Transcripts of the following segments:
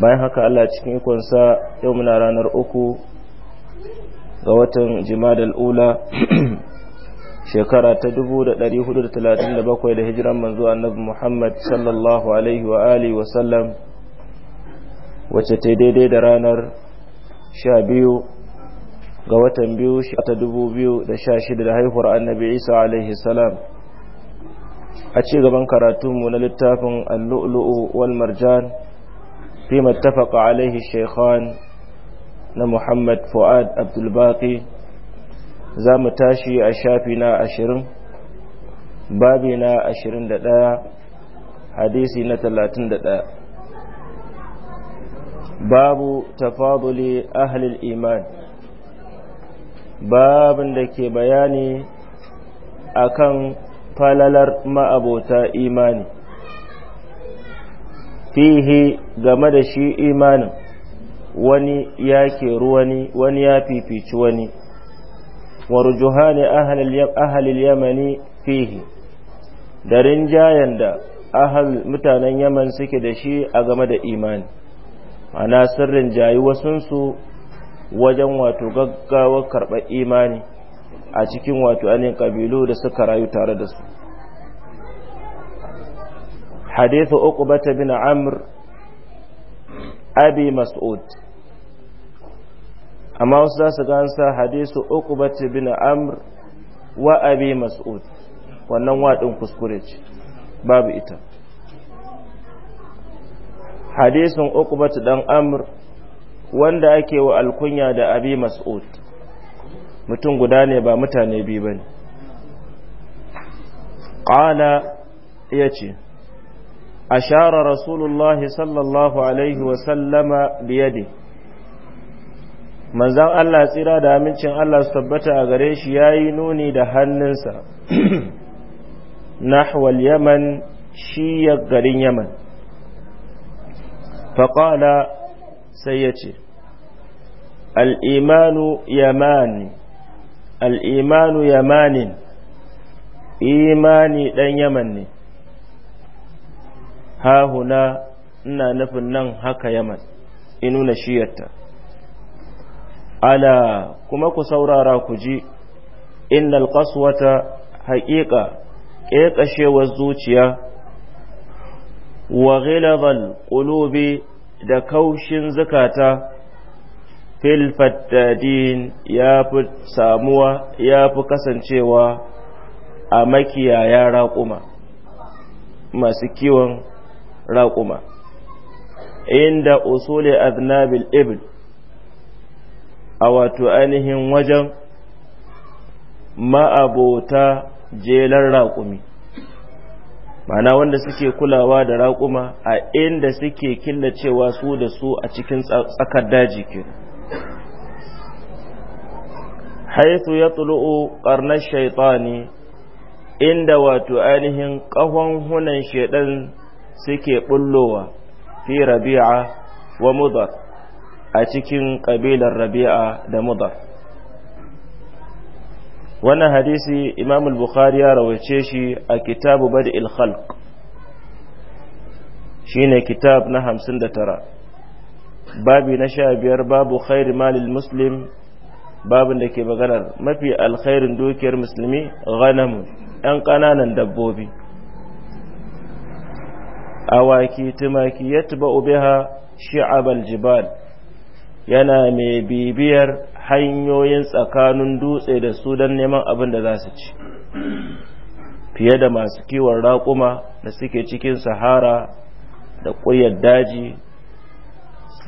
bayan haka Allah cikin ikonsa yau muna ranar uku ga watan jimadal ula shekara ta dubu da hijiran manzo annabi Muhammad sallallahu alaihi wa alihi wa sallam wacce ta daidai da ranar 12 ga watan biyu ta 2016 da haihuwar annabi Isa alaihi salam a ci gaban karatunmu na littafin al-lu'lu'u wal marjan فيما اتفق عليه الشيخان محمد فؤاد عبد الباقي زام تاشي أشافنا أشرم babina ashirin da ɗaya hadisi na talatin da ɗaya babu tafaduli ahlil iman babin da ke bayani akan falalar ma'abota imani fihi game da shi imanin wani ya keru wani wani ya fifici wani wa rujuhani ahalil yamani fihi da rinjayen da ahal mutanen yaman suke da shi a game da imani ana sirrin jayi wasunsu wajen wato gaggawar karɓar imani a cikin wato anin ƙabilu da suka rayu tare da su حديث أقبة بن عمر أبي مسعود أما أستاذ قانسا حديث أقبة بن عمر وأبي مسعود wannan waɗin kuskure باب إتا حديث أقبة بن عمر wanda ake wa alkunya da abi mas'ud mutum guda ne ba mutane biyu bane qala yace أشار رسول الله صلى الله عليه وسلم بيده manzan Allah tsira da amincin Allah su tabbata a gare shi ya yi nuni da hannunsa nahwal yaman shi ya garin yaman faƙala sai ya ce al'imanu yamani al'imanu yamanin imani ɗan yaman ne ha huna ina nufin nan haka yaman na shiyarta ala kuma ku saurara ku ji innal qaswata haƙiƙa ƙeƙashewar zuciya wa ghilabal qulubi da kaushin zukata fil fatadin ya fi samuwa ya fi kasancewa a makiyaya raƙuma masu kiwon raƙuma inda usuli aznabil ibn a wato ainihin wajen ma'abota jelar raƙumi mana wanda suke kulawa da raƙuma a inda suke killacewa su da su a cikin tsakar daji ke haisu ya tulu'u ƙarnar shaitani inda wato ainihin ƙahon hunan shaidan suke bullowa fi rabi'a wa mudar a cikin ƙabilar rabi'a da mudar wannan hadisi imam al-bukhari ya rawace shi a kitabu bad'il khalq shine kitab na hamsin da tara. babi na sha biyar babu khair malil muslim babin da ke maganar mafi alkhairin dukiyar musulmi ganamu 'yan ƙananan dabbobi awaki tumaki yatba biha shi'abal jibal yana mai bibiyar hanyoyin tsakanin dutse da su don neman abin da za su ci fiye da masu kiwon raƙuma da suke cikin sahara da ƙuryar daji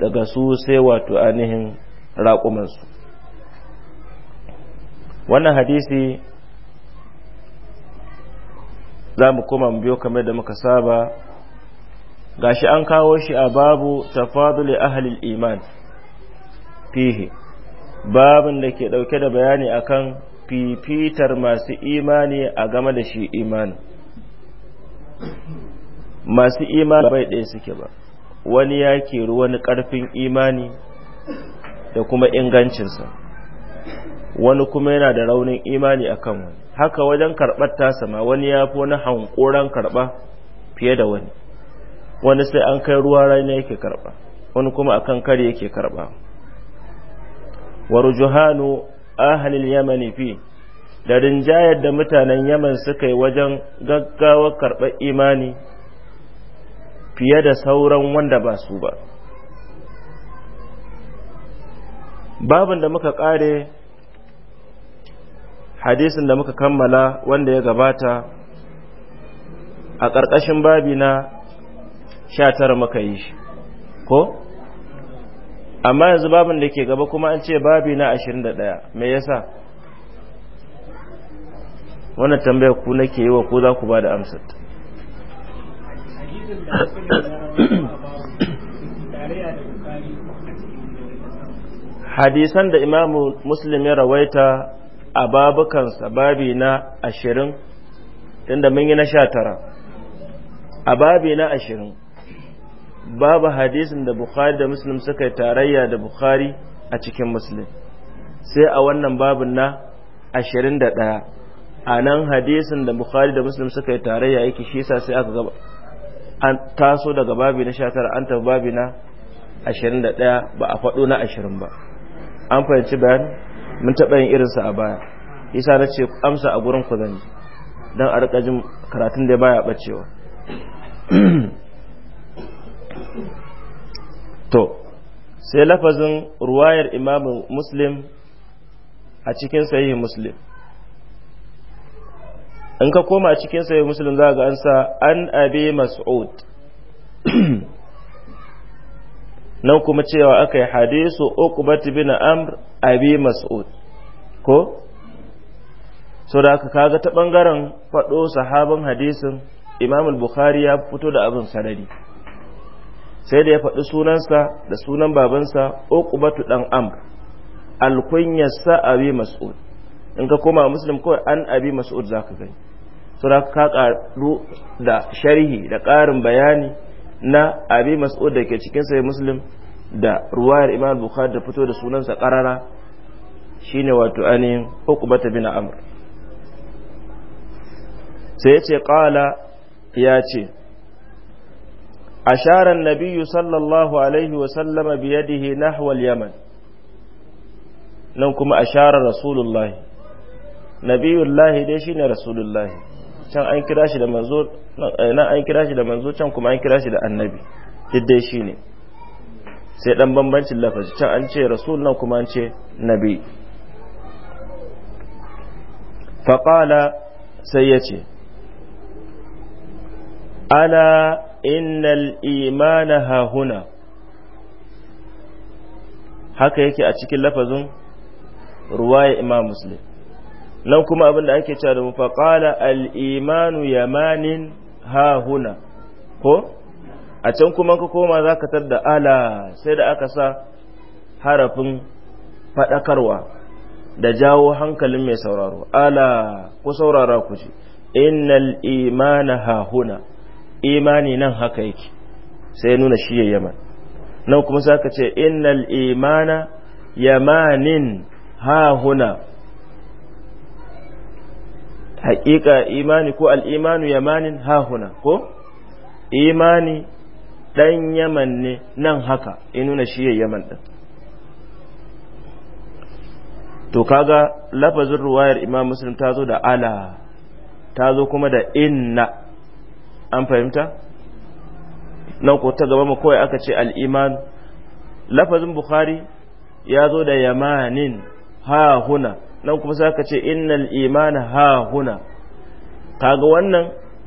daga su sai wato ainihin raƙumansu wannan hadisi za mu koma biyo kamar da muka saba gashi an kawo shi a babu tafadul ahlil iman fihi babin da ke dauke da bayani akan fifitar masu imani a game da shi imani masu imani bai ɗaya suke ba wani ya keru wani ƙarfin imani da kuma ingancinsa wani kuma yana da raunin imani akan wani haka wajen karɓar tasama wani ya fi wani hankoran karɓa fiye da wani wani sai an kai ruwa rana yake karba wani kuma akan kare yake karba wa rujuhanu ahlil yamani fi da rinjayar da mutanen yaman suka yi wajen gaggawa karɓar imani fiye da sauran wanda ba su ba babin da muka ƙare hadisin da muka kammala wanda ya gabata a ƙarƙashin babina. sha tara maka yi shi ko amma yanzu babin da ke gaba kuma an ce babi na ashirin da ɗaya me yasa wannan tambayar ku nake yi wa ko za ku ba da amsar hadisan da imamu muslim ya rawaita a babukansa babi na ashirin inda mun yi na sha tara a babi na ashirin babu hadisin da bukhari da muslim suka tarayya da bukhari a cikin muslim sai a wannan babin na 21 a nan hadisin da bukhari da muslim suka yi tarayya yake shi sa sai aka gaba an taso daga babi na 19 an tafi babi na 21 ba a faɗo na ashirin ba an fahimci bayan mun taɓa yin irinsa a baya isa na ce amsa a gurin ku zanji don a rika karatun da baya ɓacewa to sai lafazin ruwayar imamu muslim a cikin sahihi muslim in ka koma a cikin sahihi muslim za ga an sa an abi mas'ud nan kuma cewa aka yi hadisu uqbat bin amr abi mas'ud ko so da aka kaga ta bangaren faɗo sahaban hadisin imam bukhari ya fito da abin sarari sai da ya faɗi sunansa da sunan babansa uqbatu dan amr alkunyarsa abi mas'ud in ka koma muslim kawai an abi mas'ud ka gani sura ka karu da sharhi da ƙarin bayani na abi mas'ud da ke cikin sai muslim da ruwayar imam bukhari da fito da sunansa ƙarara shine wato ainihin uqbata bin amr sai ya ce ƙala ya ce أشار النبي صلى الله عليه وسلم بيده نحو اليمن نوكم أشار رسول الله نبي الله ديشين رسول الله كان أين كراشي لمنزول لا أين كراشي لمنزول كان كما أين كراشي للنبي ديشين sai dan bambancin lafazi can an ce rasul nan kuma an ce nabi faƙala sai ya ce ala innal imana haka yake a cikin lafazin ruwaya imam muslim nan kuma abin da ake cewa da mu al imanu yamanin hahuna ko a can kuma ka koma zaka tar da ala sai da aka sa harafin fadakarwa da jawo hankalin mai sauraro ala ku saurara ku ji innal imana hahuna imani nan haka yake sai ya nuna shi ya yaman nan kuma sai ka ce innal imana yamanin hahuna haƙiƙa imani ko al'imanu yamanin hahuna ko imani ɗan yaman ne nan haka ya nuna shi ya yaman to kaga lafazin ruwayar imam muslim ta zo da ala ta zo kuma da inna an fahimta nan ko ta gaba mu kawai aka ce al'iman lafazin bukhari ya zo da yamanin ha huna nan kuma sai aka ce innal imana ha huna kaga wannan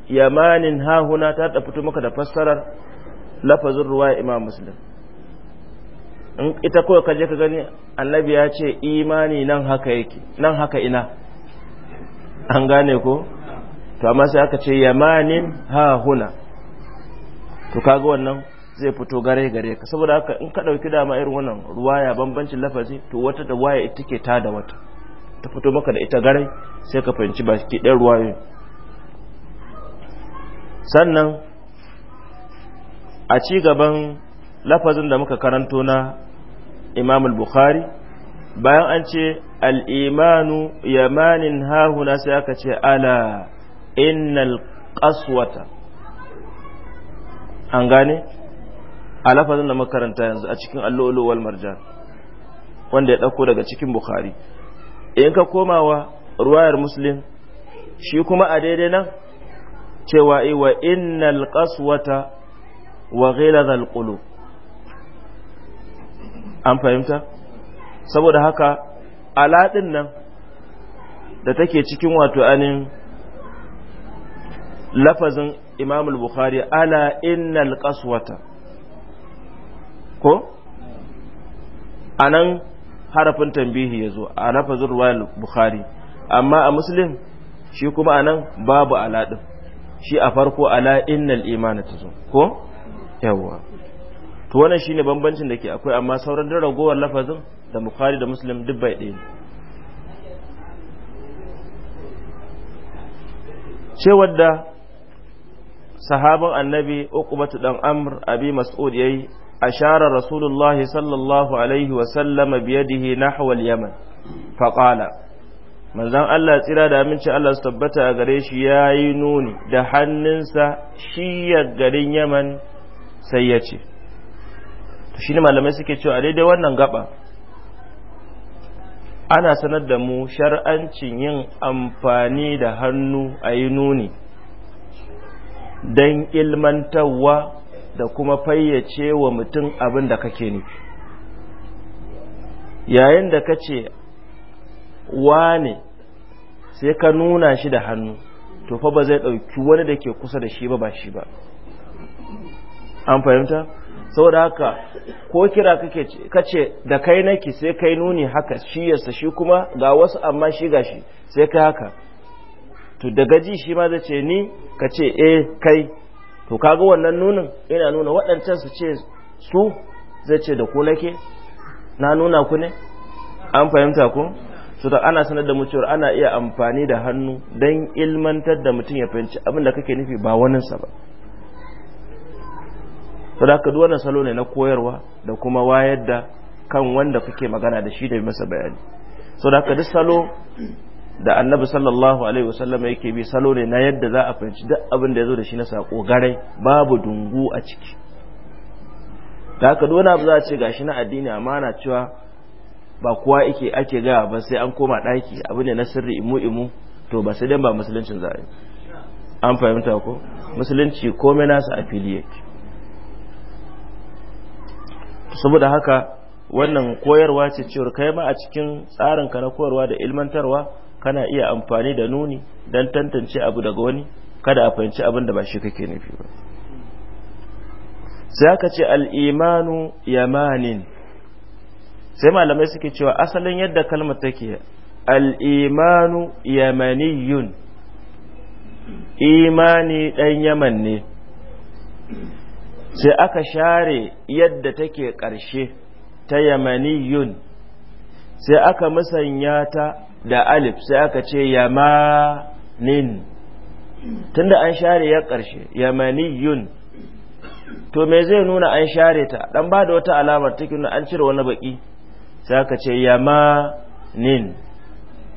yamanin ha huna ta ta fito maka da fassarar lafazin ruwa imam muslim in ita kawai je ka gani annabi ya ce imani nan haka yake nan haka ina an gane ko to amma sai aka ce yamanin ha huna to kaga wannan zai fito gare gare ka saboda haka in ka dauki dama irin wannan ruwaya bambancin lafazi to wata da waya ita ke ta da wata ta fito maka da ita gare sai ka fahimci ba ki ruwa ruwayoyin sannan a ci gaban lafazin da muka karanto na imam bukhari bayan an ce al'imanu yamanin hahuna sai aka ce ala innal qaswata an gane a lafazin da makaranta yanzu a cikin allolo wal marjan wanda ya dauko daga cikin bukhari in ka komawa ruwayar muslim shi kuma a daidai nan cewa iwa eh, innal qaswata wa ghilazal qulub an fahimta saboda haka aladin nan da take cikin wato anin lafazin imam al-bukhari ala innal qaswata ko anan harafin tambihi yazo a lafazin ruwayar bukhari amma a muslim shi kuma anan babu ala din shi a farko ala innal imana tazo ko yawa to wannan shine bambancin da ke akwai amma sauran da ragowar lafazin da bukhari da muslim duk bai dai ce wadda sahabin annabi uqbatu dan amr abi mas'ud yayi ashara rasulullahi sallallahu alaihi wa sallama yadihi nahwa al-yaman fa qala manzon Allah tsira da aminci Allah su tabbata a gare shi yayi nuni da hannunsa shi ya garin yaman sai ya ce to shine malamai suke cewa a daidai wannan gaba ana sanar da mu shar'ancin yin amfani da hannu a yi nuni don ilmantarwa da kuma fayyace wa mutum abin da kake nufi yayin da ka ce wane sai ka nuna shi da hannu to fa ba zai ɗauki wani da ke kusa da shi ba ba shi ba an fahimta saboda haka ko kira kake kace da kai nake sai kai nuni haka shi yasa shi kuma ga wasu amma shi gashi sai kai haka to daga ji shi ma zai ce ni ka ce eh kai to kaga wannan nunin yana nuna waɗancan su ce su zai ce da ku nake na nuna ku ne an fahimta ku su da ana sanar da mutuwar ana iya amfani da hannu don ilmantar da mutum ya fahimci abin da kake nufi ba wani sa ba su da wannan salo ne na koyarwa da kuma wayar da kan wanda kake magana da shi da masa bayani su da duk salo da annabi sallallahu alaihi wasallam yake bi salo ne na yadda za a fahimci duk abin da ya zo da shi na sako garai babu dungu a ciki da haka dole za a ce gashi na addini amma na cewa ba kowa yake ake gaya ba sai an koma daki abu ne na sirri imu imu to ba sai dan ba musuluncin za a yi an fahimta ko musulunci komai nasa a fili saboda haka wannan koyarwa ce cewar kai ma a cikin tsarinka na koyarwa da ilmantarwa kana iya amfani da nuni don tantance abu daga wani kada a fahimci abin da ba shi kake nufi ba sai aka ce al'imanu yamanin sai malamai suke cewa asalin yadda kalmar take al'imanu yamaniyun imani ɗan yaman ne sai aka share yadda take ƙarshe ta yamaniyun sai aka musanya ta da alif sai aka ce yamanin tunda an share ya ƙarshe yamaniyun to me zai nuna an share ta dan ba da wata alamar take nuna an cire wani baki sai aka ce yamanin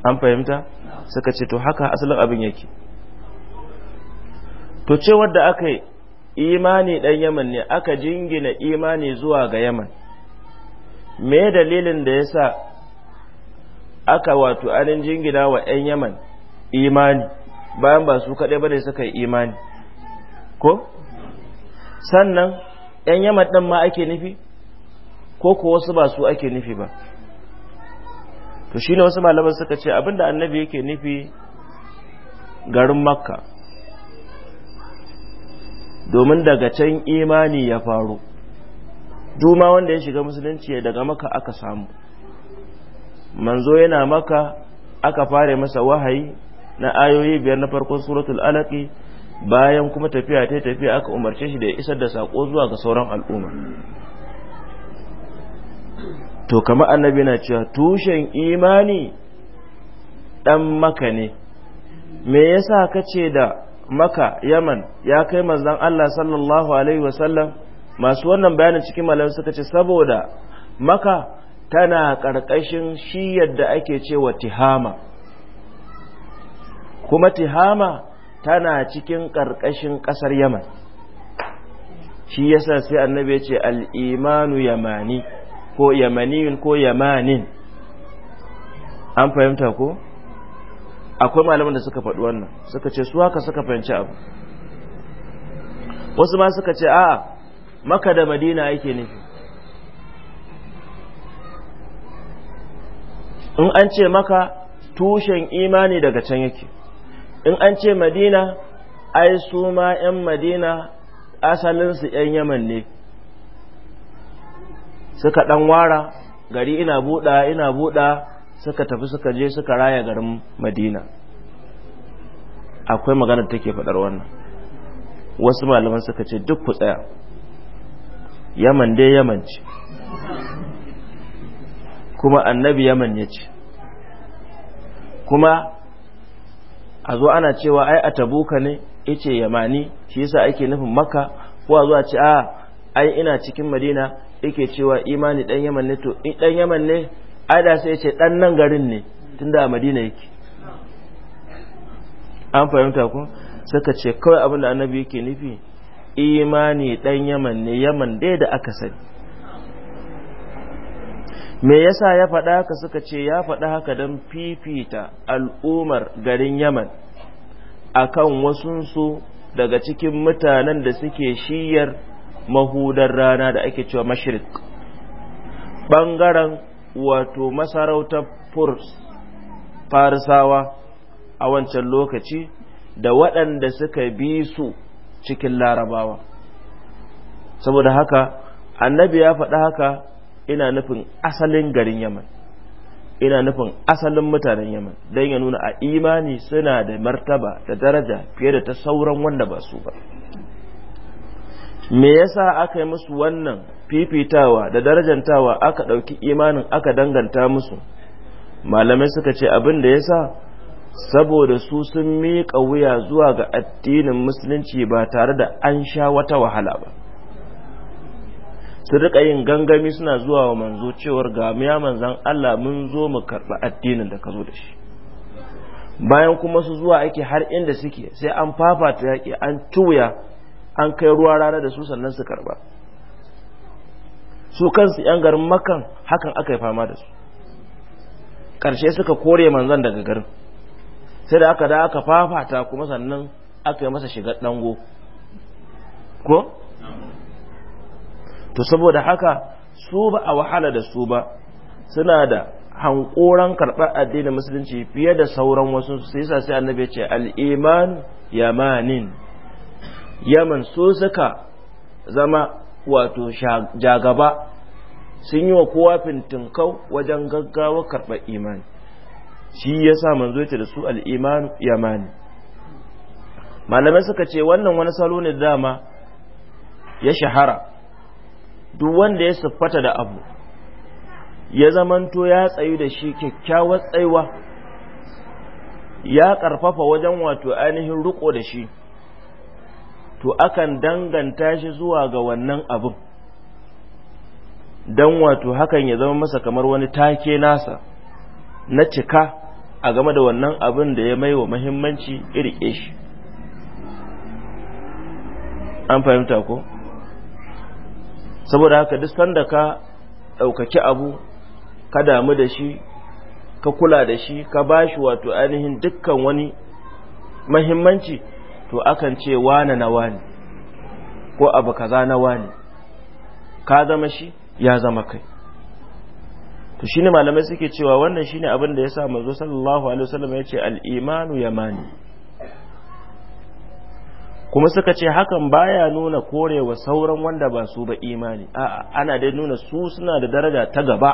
an fahimta suka ce to haka asalin abin yake to ce wadda aka yi imani dan yaman ne aka jingina imani zuwa ga yaman me dalilin da yasa aka wato anin jingina wa 'yan yaman imani bayan ba su kaɗai ne suka yi imani ko sannan 'yan yaman ɗin ma ake nufi ko ko wasu ba su ake nufi ba to shi ne wasu malaman suka ce abinda annabi yake nufi garin makka domin daga can imani ya faru Juma wanda ya shiga musulunci daga maka aka samu manzo yana maka aka fara masa wahayi na ayoyi biyar na farkon suratul alaqi bayan kuma tafiya ta tafiya aka umarce shi da ya isar da sako zuwa ga sauran al'umma to kama annabi na cewa tushen imani dan maka ne me yasa kace da maka yaman ya kai manzon Allah sallallahu alaihi wasallam masu wannan bayanin cikin malamai suka ce saboda maka tana ƙarƙashin shi yadda ake cewa tihama kuma tihama tana cikin ƙarƙashin ƙasar yaman shi yasa sai annabi ce al'imanu yamani ko yamaniyun ko yamanin an fahimta ko akwai malaman da suka faɗi wannan suka ce su haka suka fahimci abu wasu ma suka ce a'a maka da madina yake nufi in an ce maka tushen imani daga can yake in an ce madina ai su ma 'yan madina asalinsu 'yan yaman ne suka ɗan wara gari ina buɗa ina buɗa suka tafi suka je suka raya garin madina akwai maganar take faɗar wannan wasu malaman suka ce duk ku tsaya yaman dai yaman ce kuma annabi yaman ya ce kuma a zo ana cewa ai a tabuka ne ice yamani shi yasa ake nufin maka, ko a zo a ce a ah, ai ina cikin madina yake cewa imani dan yaman ne to dan yaman ne ai da sai ya ce dan nan garin ne tunda a madina yake an fahimta ku suka ce kawai abin da annabi yake nufi imani dan yaman ne yaman dai da aka sani me yasa ya faɗa haka suka ce ya faɗa haka don fifita al'umar garin yaman a kan wasunsu daga cikin mutanen da suke shiyar mahudar rana da ake cewa mashirik ɓangaren wato masarautar furs farisawa a wancan lokaci da waɗanda suka bi su cikin larabawa saboda haka annabi ya faɗa haka ina nufin asalin garin yaman ina nufin asalin mutanen yaman don ya nuna a imani suna da martaba da daraja fiye da ta sauran wanda ba su ba me yasa aka yi musu wannan fifitawa da darajantawa aka ɗauki imanin aka danganta musu malamai suka ce abin da ya sa saboda su sun miƙa wuya zuwa ga addinin musulunci ba tare da an sha wata wahala ba su rika yin gangami suna zuwa wa manzo cewar ga ya manzan Allah mun zo mu karɓi addinin da ka zo da shi bayan kuma su zuwa ake har inda suke sai an fafata yaƙi an tuya an kai ruwa rana da su sannan su karɓa su kansu 'yan garin makan hakan aka yi fama da su ƙarshe suka kore manzan daga garin sai da aka da aka fafata kuma sannan aka yi masa shiga ɗango ko to saboda haka su ba a wahala da su ba suna da hankoran karɓar addinin musulunci fiye da sauran wasu su yi sai annabi ce al'iman yamanin yaman su suka zama wato jagaba sun yi wa kowa fintinkau wajen gaggawa karɓar imani shi ya sa manzo da su al'iman yamani malamai suka ce wannan wani salo ne dama ya shahara duk wanda ya siffata da abu ya zamanto ya tsayu da shi kyakkyawar tsayuwa ya karfafa wajen wato ainihin ruko da shi to akan danganta shi zuwa ga wannan abin don wato hakan ya zama masa kamar wani take nasa na cika a game da wannan abin da ya maiwa mahimmanci irike shi an fahimta ko saboda haka duk sanda ka ɗaukaki abu ka damu da shi ka kula da shi ka ba shi wato ainihin dukkan wani mahimmanci to akan ce wane na wane ko abu kaza na wane ka zama shi ya zama kai to shine malamai suke cewa wannan shine abin da yasa manzo sallallahu alaihi wasallam yace al-imanu yamani kuma suka ce hakan baya nuna korewa sauran wanda ba su ba imani a'a ana dai nuna su suna da daraja ta gaba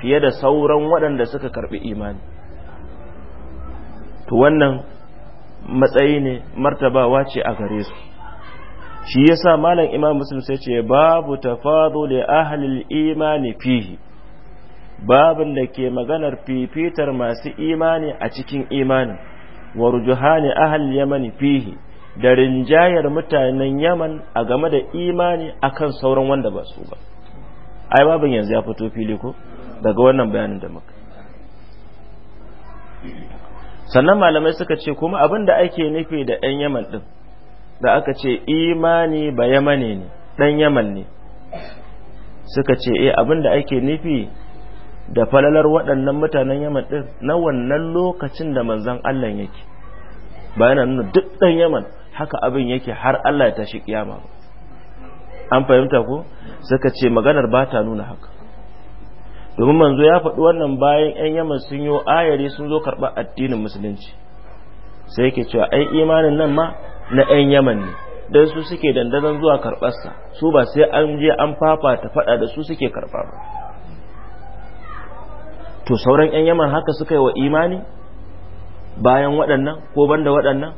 fiye da sauran waɗanda suka karbi imani to wannan matsayi ne martabawa ce a gare su shi yasa malam imam muslim sai ce babu tafaduli ahlil imani fihi babin da ke maganar fifitar masu imani a cikin imanin wa rujuhani ahlil yamani fihi da rinjayar mutanen yaman a game da imani akan sauran wanda ba su ba ai babin yanzu ya fito fili ko daga wannan bayanin da muka sannan malamai suka ce kuma abin da ake nufi da ɗan yaman ɗin da aka ce imani ba yamane ne ɗan yaman ne suka ce eh abin da ake nufi da falalar waɗannan mutanen yaman ɗin na wannan lokacin da manzan Allah yake bayanan nuna duk ɗan yaman haka abin yake har Allah ya tashi kiyama an fahimta ko suka ce maganar ba ta nuna haka domin manzo ya faɗi wannan bayan 'yan yaman sun yi ayari sun zo karɓar addinin musulunci sai yake cewa ai imanin nan ma na 'yan yaman ne don su suke dandazon zuwa karɓarsa su ba sai an je an fafata faɗa da su suke karɓa ba to sauran 'yan yaman haka suka yi wa imani bayan waɗannan ko banda waɗannan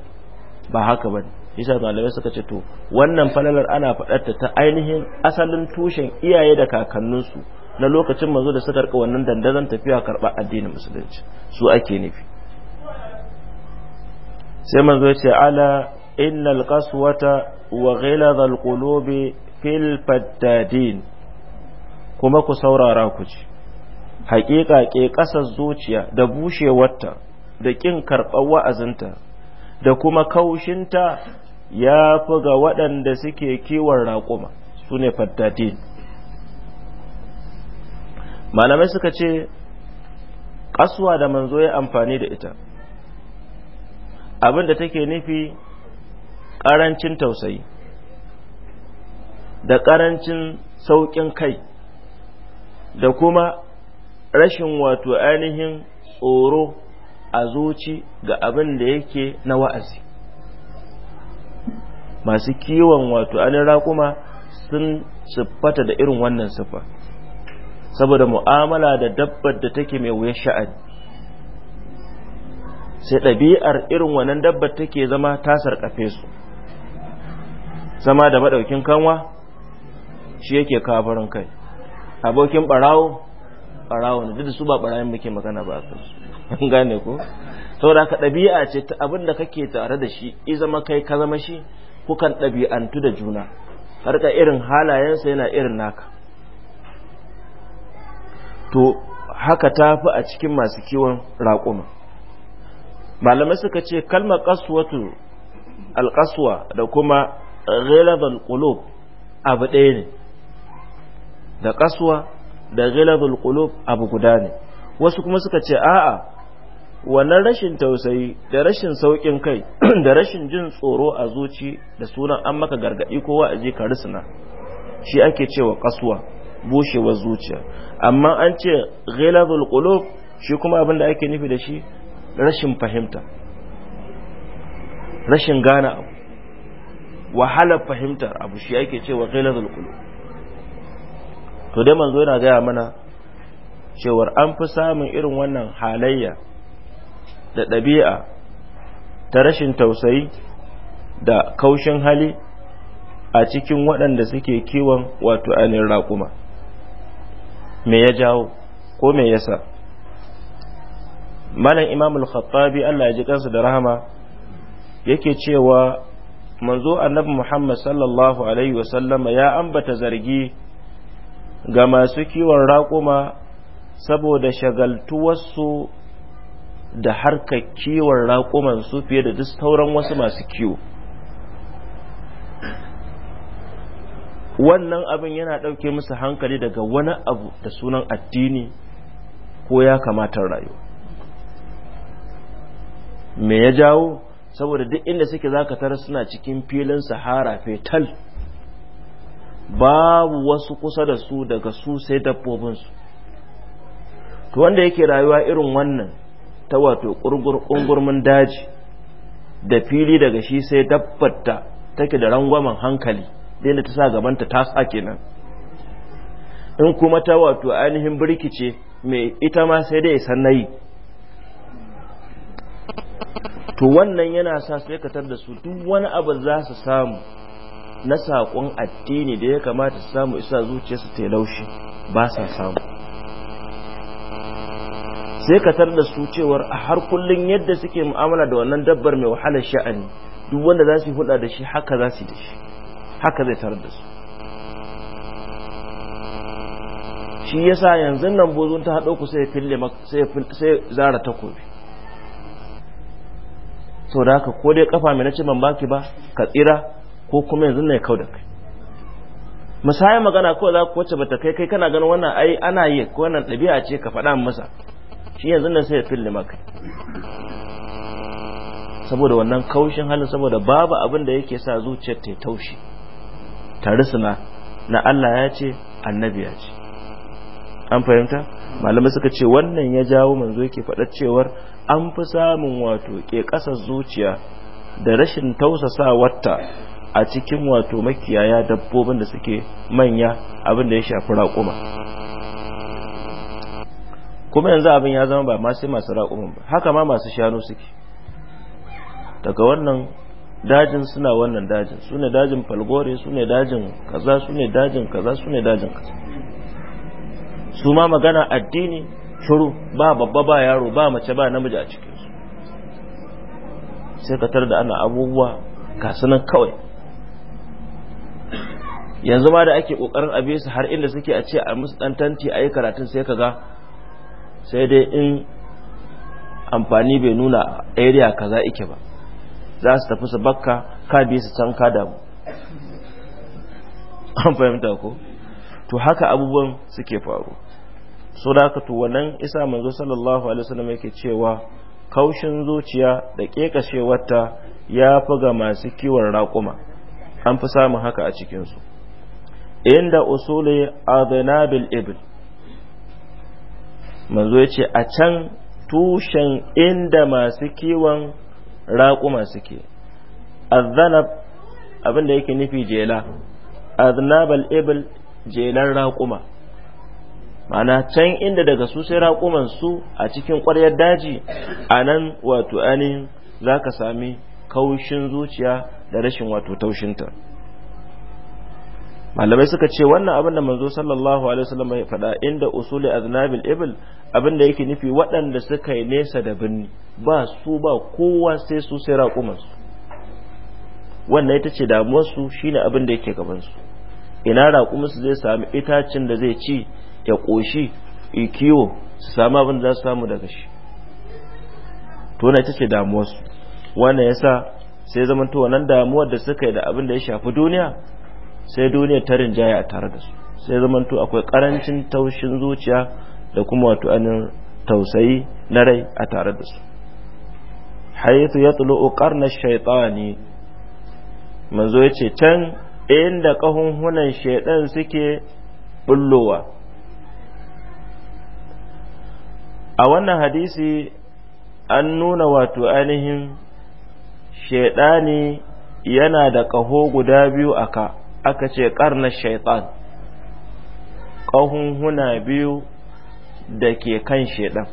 ba haka ba yasa malamai suka ce to wannan falalar ana faɗarta ta ainihin asalin tushen iyaye da kakanninsu na lokacin mazo da suka rika wannan dandazon tafiya karɓar addinin musulunci su ake nufi sai mazo ya ce ala innal qaswata wa ghilazal qulubi fil fattadin kuma ku saurara ku ci haƙiƙa ke ƙasar zuciya da bushewarta da ƙin karɓar wa'azinta da kuma kaushinta ya fi ga waɗanda suke kiwon raƙuma su ne fattati malamai suka ce ƙasuwa da manzo ya amfani da ita abinda take nufi ƙarancin tausayi da ƙarancin sauƙin kai da kuma rashin wato ainihin tsoro a zuci ga abin da yake na wa'azi masu kiwon wato anin raƙuma sun siffata da irin wannan siffa saboda mu'amala da dabbar da take mai wuyar sha'ani sai ɗabi'ar irin wannan dabbar take zama ta sarƙafe su zama da maɗaukin kanwa shi yake kafarin kai abokin ɓarawo ɓarawo na duk su ba ɓarayin muke magana ba a kansu an gane ko saboda ka ɗabi'a ce ta abin da kake tare da shi i zama kai ka zama shi kukan ɗabi'antu da juna har ka irin halayensa yana irin naka to haka ta fi a cikin masu kiwon raƙuma malamai suka ce kalmar kasuwatu alkasuwa da kuma ghilabul qulub abu ɗaya ne da kasuwa da ghilabul qulub abu guda ne wasu kuma suka ce a'a wannan rashin tausayi da rashin saukin kai da rashin jin tsoro a zuci da sunan an maka gargadi a je ka risna shi ake cewa kasuwa bushewar zuciya amma an ce ghilazul qulub shi kuma abin da ake nufi da shi rashin fahimta rashin gane abu wahalar fahimtar abu shi ake cewa ghilazul qulub to dai manzo yana gaya mana cewar an fi samun irin wannan halayya da ɗabi'a ta rashin tausayi da kaushin hali a cikin waɗanda suke kiwon wato ainihin raƙuma me ya jawo ko me ya sa? malam imam al-khattabi Allah ya ji kansu da rahama yake cewa manzo annabi Muhammad sallallahu alaihi wasallama ya ambata zargi ga masu kiwon raƙuma saboda shagaltuwarsu da harkar kiwon raƙuman su fiye da duk sauran wasu masu kiwo wannan abin yana ɗauke musu hankali daga wani abu da sunan addini ko ya kamata rayu. me ya jawo saboda duk inda suke zaka tara suna cikin filin sahara fetal babu wasu kusa da su daga su sai dabbobinsu to wanda yake rayuwa irin wannan ta wato ƙungurmin daji da fili daga shi sai dabbata take da rangwamen hankali daina ta sa gabanta ta sa kenan in kuma ta wato ainihin birkice mai ita ma sai dai san to wannan yana sa sai ka da su duk wani abu za su samu na sakon addini da ya kamata su samu isa zuciyarsu ta laushi ba sa samu sai ka tar da su cewar a har kullun yadda suke mu'amala da wannan dabbar mai wahalar sha'ani duk wanda za su yi da shi haka za su yi da shi haka zai tar da su shi yasa yanzu nan bozon ta haɗo ku sai fille sai zara takobi sau da haka ko dai kafa mai na ce ban baki ba ka tsira ko kuma yanzu ne kau da kai misali magana kawai za ku wacce bata kai kai kana ganin wannan ai ana yi ko wannan ɗabi'a ce ka faɗa masa shi yanzu nan sai ya fille maka saboda wannan kaushin halin saboda babu abin da yake sa zuciyar ta taushi tarisuna na Allah ya ce annabi ya ce an fahimta malamai suka ce wannan ya jawo manzo yake faɗa cewar an fi samun wato ke ƙasar zuciya da rashin tausasa wata a cikin wato makiyaya dabbobin da suke manya abin da ya shafi raƙuma kuma yanzu abin ya zama ba ma sai masu raƙumin ba haka ma masu shanu suke daga wannan dajin suna wannan dajin su ne dajin falgore su ne dajin kaza su ne dajin kaza su ne dajin kaza su ma magana addini shuru ba babba ba yaro ba mace ba namiji a cikinsu sai ka tar da ana abubuwa ga sunan kawai yanzu ma da ake kokarin a su har inda suke a ce a musu ɗan tanti a yi karatun sai ka ga sai dai in amfani bai nuna area kaza ike ba za su tafi su bakka ka bi su can ka damu an fahimta ko to haka abubuwan suke faru so da to wannan isa manzo sallallahu alaihi wasallam yake cewa kaushin zuciya da kekashewarta ya fi ga masu kiwon raƙuma an fi samun haka a cikinsu inda usuli adhnabil ibil manzo ya ce a can tushen inda masu kiwon raƙuma suke azanab abin da yake nufi jela aznabal ibil jelan raƙuma mana can inda daga su sai raƙuman su a cikin ƙwaryar daji a nan wato ainihin za ka sami kaushin zuciya da rashin wato taushinta malamai suka ce wannan abin da manzo sallallahu alaihi wasallam ya faɗa inda usuli aznabil ibl abin da yake nufi waɗanda suka yi nesa da binni ba su ba kowa sai su sai raƙuman su wannan ita ce damuwar su shine abin da yake gaban su ina raƙuman su zai samu itacin da zai ci ya ƙoshi ya kiwo su samu abin da za su samu daga shi to wannan ita ce damuwar su wannan yasa sai zamanto wannan damuwar da suka yi da abin da ya shafi duniya sai duniya ta rinjaya a tare da su sai zamanto akwai karancin taushin zuciya da kuma wato anin tausayi na rai a tare da su haythu yatlu qarna shaytani manzo yace can inda kahunhunan shaidan suke bullowa a wannan hadisi an nuna wato ainihin shaidani yana da ƙaho guda biyu a ka aka ce karnar shaitan ƙahunhuna biyu da ke kan shaiɗan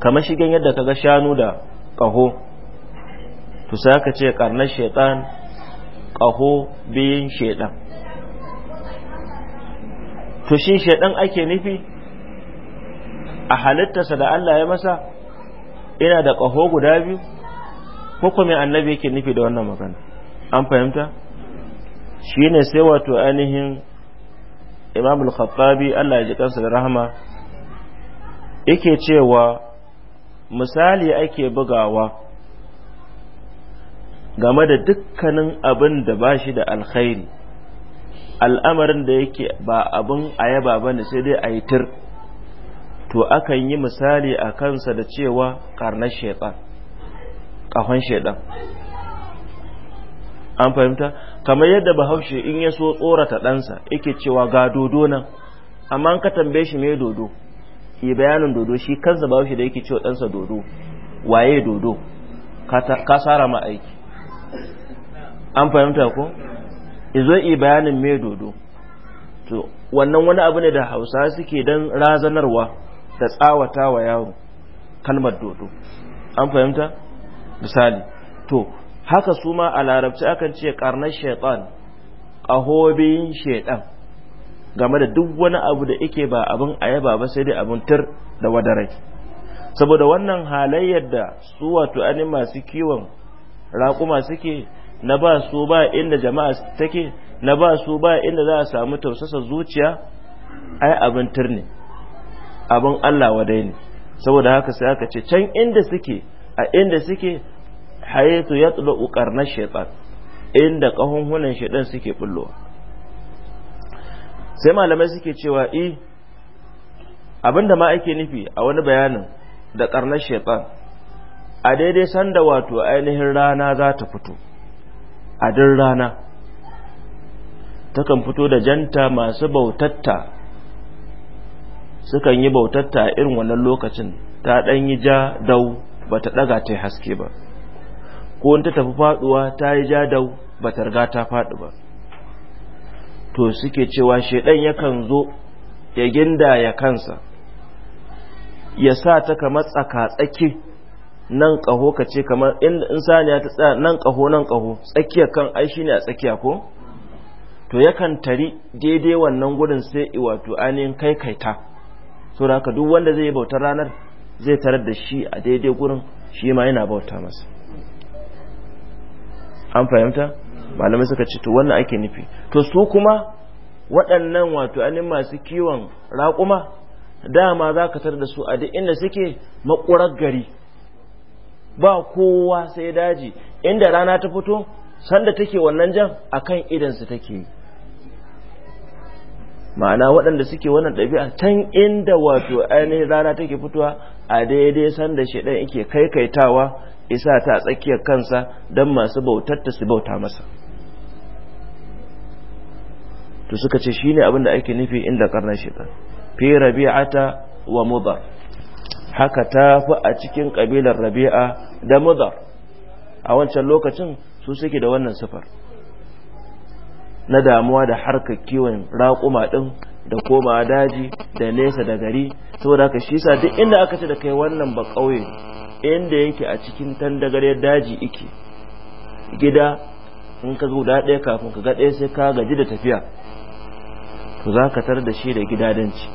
kamar shigen yadda ga shanu da ƙaho to sai aka ce karnar shaitan ƙaho biyun shaitan to shi shaitan ake nufi a halittarsa da Allah ya masa ina da ƙaho guda biyu ko annabi yake nufi da wannan magana an fahimta Shi ne sai wato ainihin imam al-khattabi Allah ya ji kansa da rahama yake cewa misali ake bugawa game da dukkanin abin da ba shi da alkhairi al'amarin da yake ba abin a yaba ba ne sai dai a yi tir to akan yi misali a kansa da cewa karnar shaitan ƙahon shaitan an fahimta kamar yadda bahaushe in ya so tsorata ɗansa yake cewa ga dodo nan amma ka tambaye shi me dodo ke bayanin dodo shi kansa bahaushe da yake cewa ɗansa dodo waye dodo ka sara ma aiki an fahimta ko izo yi bayanin me dodo to wannan wani abu ne da hausa suke dan razanarwa da tsawata wa yaro kalmar dodo an fahimta misali to haka su ma a larabci akan ce karnar shaitan ƙahobin shaitan game da duk wani abu da ike ba abin ayaba ba sai dai abin tur da wadarai saboda wannan halayyar da su wato ani masu kiwon raƙuma suke na ba su ba inda jama'a take na ba su ba inda za a samu tausasa zuciya ai abin tur ne abin Allah wadai ne saboda haka sai aka ce can inda suke a inda suke haythu yatlu'u qarnash shaytan inda kahunhunan shaytan suke bullowa sai malamai suke cewa i e, abinda ma ake nufi a wani bayanin da karnar shaitan a daidai sanda wato ainihin rana za ta fito a din rana takan fito da janta masu bautatta sukan yi bautatta irin wannan lokacin ta ɗan yi ja dau ba ta ɗaga ta haske ba ko ta tafi faduwa ta yi jadau ba ta riga ta faɗi ba to suke cewa shaidan yakan zo ya ginda ya kansa ya sa ta kamar tsaka-tsaki nan kaho ka ce kamar in saniya ta tsaya nan kaho nan kaho tsakiyar kan ai ne a tsakiya ko to yakan tari daidai wannan gurin sai wato ainihin kai ta saboda haka duk wanda zai yi bautar ranar zai tarar da shi a daidai gurin shi ma yana bauta masa an fahimta malamai suka ce to wannan ake nufi to su kuma waɗannan wato anin masu kiwon raƙuma dama za ka da su a duk inda suke makurar gari ba kowa sai daji inda rana ta fito sanda take wannan jan akan idansu take yi ma'ana waɗanda suke wannan ɗabi'a can inda wato ainihin rana take fitowa a daidai sanda shaidan yake kaikaitawa isa ta a tsakiyar kansa don masu bautarta su bauta masa to suka ce shine abin da ake nufi inda karnar shekar fi rabi'ata wa mudar haka ta fi a cikin kabilar rabi'a da mudar a wancan lokacin su suke da wannan sifar na damuwa da harkar kiwon raƙuma ɗin da koma daji da nesa da gari saboda haka shi sa duk inda aka ce da kai wannan ba ƙauye inda yake a cikin tandagar daji ike gida in ka guda ɗaya kafin ka ga ɗaya sai ka gaji da tafiya to za ka tar da shi da gidadanci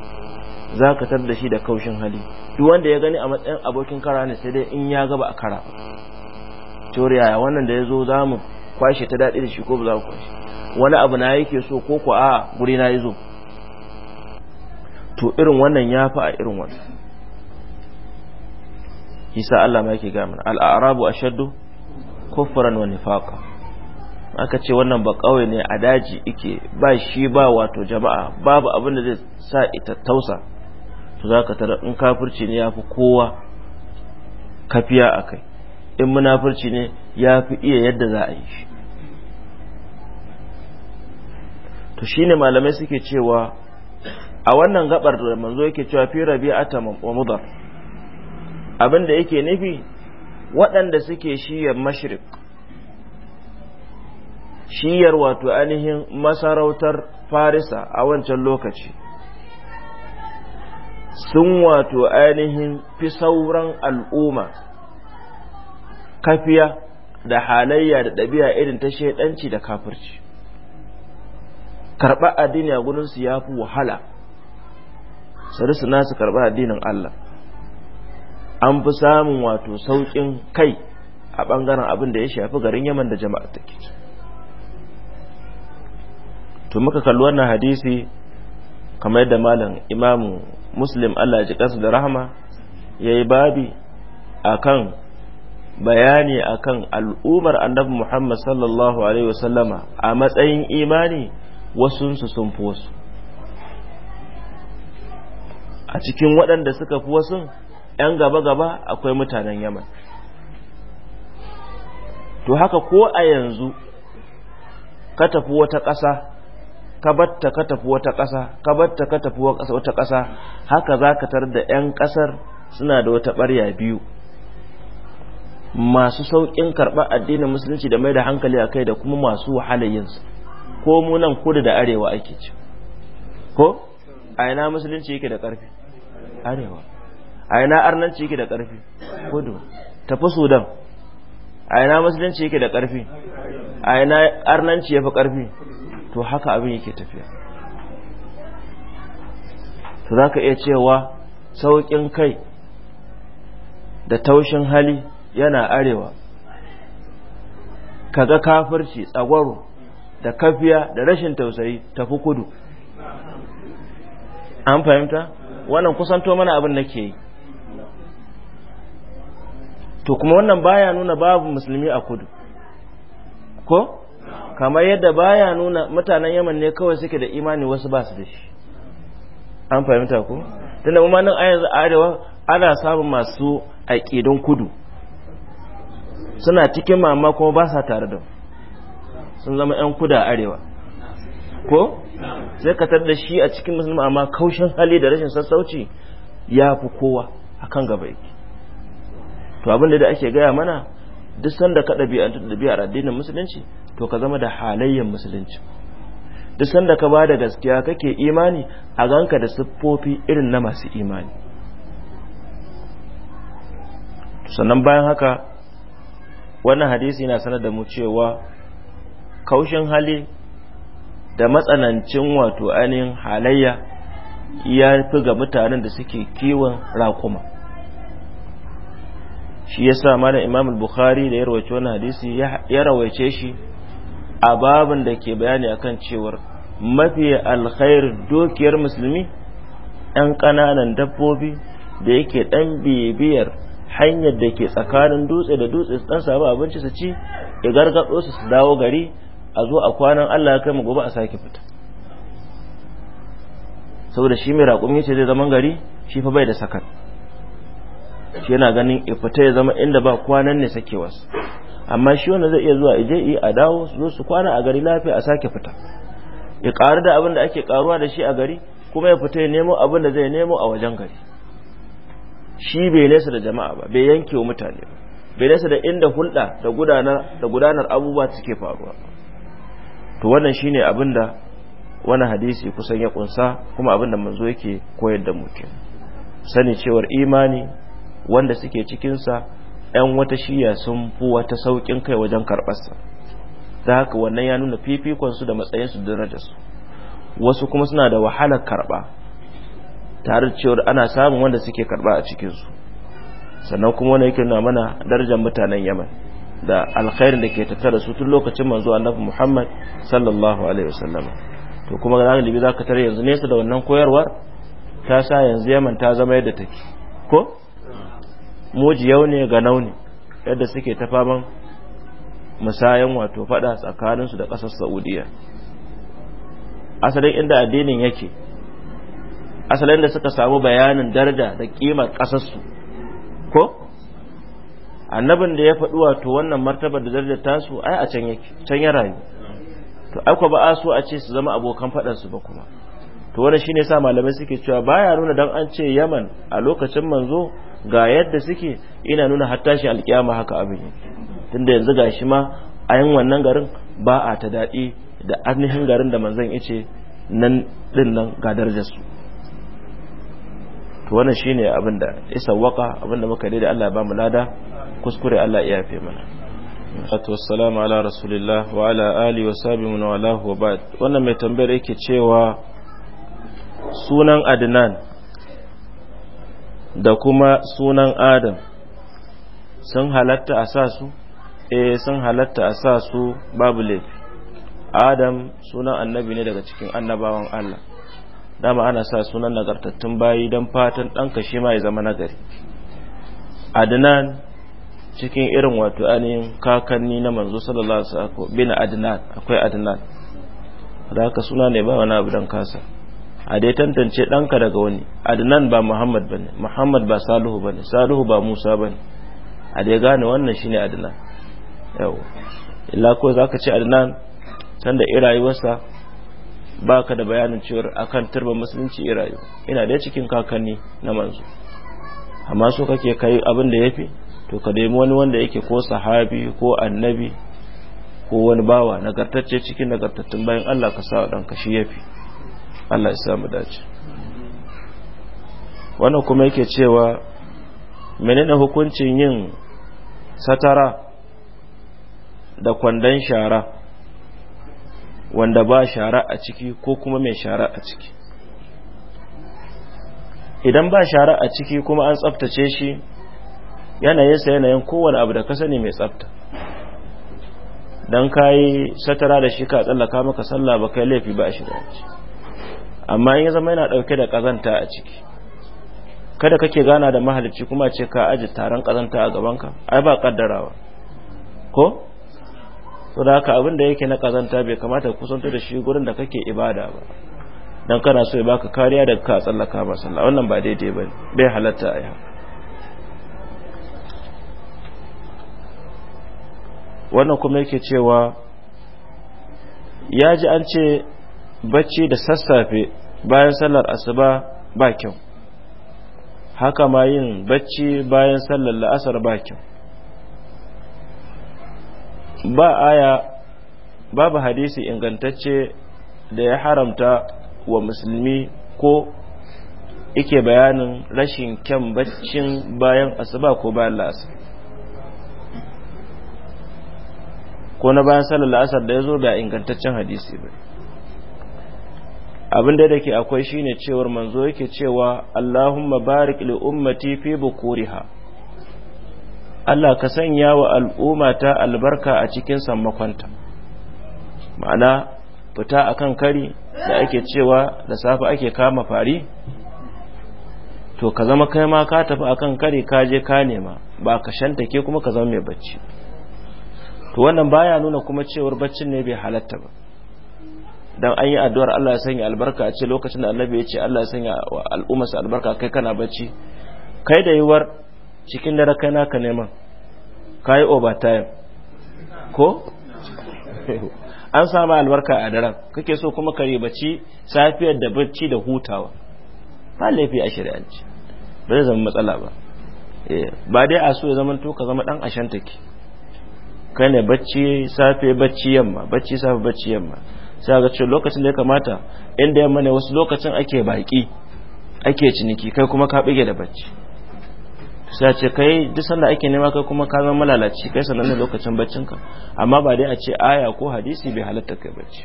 za ka tar da shi da kaushin hali duk wanda ya gani a matsayin abokin kara ne sai dai in ya gaba a kara yaya wannan da ya zo za mu kwashe ta daɗi da shi ko ba za mu kwashe wani abu na yake so ko ku a guri na ya zo to irin wannan ya fi a irin wannan yasa Allah ma yake ga mana al-a'rabu ashaddu kufran wa nifaqa aka ce wannan ba kawai ne a daji ike ba shi ba wato jama'a babu abin da zai sa ita tausa to zaka tara in kafirci ne yafi kowa kafiya akai in munafirci ne yafi iya yadda za a yi shi to shine malamai suke cewa a wannan gabar da manzo yake cewa fi rabi'ata wa mudar abin da yake nufi waɗanda suke shiyar mashrik shiyar wato ainihin masarautar farisa a wancan lokaci sun wato ainihin fi sauran al'umma kafiya da halayya da ɗabi'a irin ta shaidanci da kafirci karɓa addini a gurinsu ya fi wahala su na su karɓa addinin Allah an fi samun wato sauƙin kai a ɓangaren abin da ya shafi garin yaman da jama'a ke to muka kalli wannan hadisi kamar da malam imamu muslim allah ji da rahama ya yi babi a kan bayani a kan al'ummar annabi muhammad sallallahu alaihi wasallama a matsayin imani wasunsu sun fi wasu a cikin waɗanda suka fi wasun 'yan gaba-gaba akwai mutanen yaman to haka ko a yanzu ka tafi wata ƙasa ka batta ka tafi wata ƙasa ka batta ka tafi wata ƙasa haka za ka tar da 'yan ƙasar suna da wata ɓarya biyu masu sauƙin karɓar addinin musulunci da mai da hankali a kai da kuma masu wahalayinsu ko mu nan kudu da arewa ake ci ko a ina musulunci yake da ƙarfi arewa a ina arnanci yake da ƙarfi kudu tafi sudan a ina musulunci yake da ƙarfi a ina arnanci ya fi ƙarfi to haka abin yake tafiya to za ka iya cewa sauƙin kai da taushin hali yana arewa kaga kafirci tsagwaro da kafiya da rashin tausayi tafi kudu an fahimta wannan kusanto mana abin nake yi to kuma wannan baya nuna babu musulmi a kudu ko kamar yadda baya nuna mutanen yaman ne kawai suke da imani wasu ba su da shi an fahimta ko tunda mu nan a yanzu arewa ana samun masu aƙidun kudu suna cikin mama kuma ba sa tare da sun zama 'yan kuda arewa ko sai ka da shi a cikin musulmi amma kaushin hali da rashin sassauci ya fi kowa akan gaba yake to abin da ake gaya mana duk sanda ka ɗabi'antu da a addinin musulunci to ka zama da halayyar musulunci duk sanda ka bada gaskiya kake imani a ganka da siffofi irin na masu imani sannan bayan haka wannan hadisi yana sanar da mu cewa kaushin hali da matsanancin wato ainihin halayya ya fi ga mutanen da suke kiwon raƙuma shi ya sa mana imam bukhari da ya rawaice wani hadisi ya rawaice shi a babin da ke bayani akan cewar mafi alkhair dokiyar musulmi ɗan ƙananan dabbobi da yake ɗan bibiyar hanyar da ke tsakanin dutse da dutse su ɗan samu abinci su ci ya gargaɗo su su dawo gari a zo a kwanan Allah ya kai mu gobe a sake fita saboda shi mai raƙumi ce zai zaman gari shi fa bai da sakan shi yana ganin ya fita ya zama inda ba kwanan ne sake wasu amma shi wanda zai iya zuwa ije yi a dawo su zo su kwana a gari lafiya a sake fita ya karu da abin da ake karuwa da shi a gari kuma ya fita ya nemo abin da zai nemo a wajen gari shi bai nesa da jama'a ba bai yanke wa mutane ba bai nesa da inda hulɗa da gudanar da gudanar abubuwa suke faruwa to wannan shine abin da wani hadisi kusan ya kunsa kuma abin da manzo yake koyar da mu sani cewar imani wanda suke cikinsa ‘yan wata shiya sun fi wata sauƙin kai wajen karɓarsa ta haka wannan ya nuna fifikonsu da matsayinsu da darajarsu wasu kuma suna da wahalar karɓa tare da cewar ana samun wanda suke karɓa a cikinsu sannan kuma wani yake nuna mana darajar mutanen yaman da alkhairin da ke tattara su tun lokacin manzo annabi muhammad sallallahu alaihi wasallam to kuma ga galibi zaka tare yanzu nesa da wannan koyarwar ta sa yanzu yaman ta zama yadda take ko mujiyau ne ga nauni yadda suke ta faman musayan wato fada tsakaninsu da ƙasar saudiya asalin inda addinin yake asalin da suka samu bayanin darda da ƙimar ƙasarsu ko annabin da ya faɗi wato wannan martabar da darajar tasu ai a can yake can ya rayu to aiko ba a so a ce su zama abokan faɗansu ba kuma to wani shine sa malamai suke cewa baya nuna dan an ce yaman a lokacin manzo ga yadda suke ina nuna hatta shi alkiyama haka abin tunda yanzu ga shi ma a yin wannan garin ba a ta daɗi da ainihin garin da manzon ice nan din nan ga darajar su to wannan shine abin da isa waka abin da muka da Allah ya ba mu lada kuskure Allah ya yafe mana Wato salamu ala rasulillah wa ala ali wa sabi wa wa wannan mai tambayar yake cewa sunan Adnan da kuma sunan adam sun halatta a sa su eh sun halatta a sa su babu laifi adam sunan annabi ne daga cikin annabawan Allah dama ana sa sunan nagartattun bayi don fatan ɗanka shi ma ya zama nagari adnan cikin irin wato ainihin kakanni na manzo sallallahu alaihi wasallam bin adnan akwai adnan da haka suna ne ba wani abu don kasa a dai tantance ɗanka daga wani adnan ba muhammad bane muhammad ba saluhu bane saluhu ba musa bane a dai gane wannan shine adnan yau illa ko ka ce adnan sanda irayuwarsa ka da bayanin cewar akan turba musulunci irayu ina dai cikin kakanni na manzo amma so kake kai abin da ya fi to ka nemi wani wanda yake ko sahabi ko annabi ko wani bawa nagartacce cikin nagartattun bayan Allah ka sa ɗanka shi fi. Allah ya samu dace wannan kuma yake cewa menene hukuncin yin satara da kwandon shara wanda ba shara a ciki ko kuma mai shara a ciki idan ba shara a ciki kuma an tsaftace shi yanayinsa yanayin kowane abu da ka sani mai tsafta don kayi satara da shi ka tsallaka maka sallah ba kai laifi ba a shirya amma in ya zama yana ɗauke da kazanta a ciki kada kake gana da mahalicci kuma ce ka aji taron kazanta a gabanka ai ba ƙaddarawa ko su da haka abin da yake na kazanta bai kamata ka kusanto da shi gurin da kake ibada ba dan kana so ya baka kariya daga ka tsallaka ba sallah wannan ba daidai ba bai halatta a wannan kuma yake cewa ya ji an ce bacci da sassafe bayan sallar asuba ba kyau haka ma yin bacci bayan sallar la'asar ba kyau ba aya babu hadisi ingantacce da ya haramta wa musulmi ko ike bayanin rashin kyan baccin bayan asuba ko bayan la'asar ko na bayan sallar la'asar da ya zo da ingantaccen hadisi bai abin da dake akwai shine cewar manzo yake cewa Allahumma barik li ummati fi bukuriha Allah ka sanya wa al'ummata albarka a cikin sammakonta ma'ana fita akan kari da ake cewa da safe ake kama fari to ka zama kai ma ka tafi akan kari ka je ka nema ba ka shantake kuma ka zama mai bacci to wannan baya nuna kuma cewar baccin ne bai halatta ba dan an yi addu'ar Allah ya sanya albarka a ce lokacin da annabi ya ce Allah ya sanya wa al'ummarsa albarka kai kana bacci kai da yiwar cikin dare kai naka neman kai overtime ko an samu albarka a daren kake so kuma ka bacci safiyar da bacci da hutawa ba laifi a shari'anci ba zai zama matsala ba eh, ba dai a so ya zama to ka zama dan ashan take kai ne bacci safe bacci yamma bacci safe bacci yamma sai ga ce lokacin da ya kamata inda yamma ne wasu lokacin ake baki ake ciniki kai kuma ka bige da bacci sai ce kai duk sanda ake nema kai kuma ka zama malalaci kai sanan ne lokacin baccin ka amma ba dai a ce aya ko hadisi bai halatta kai bacci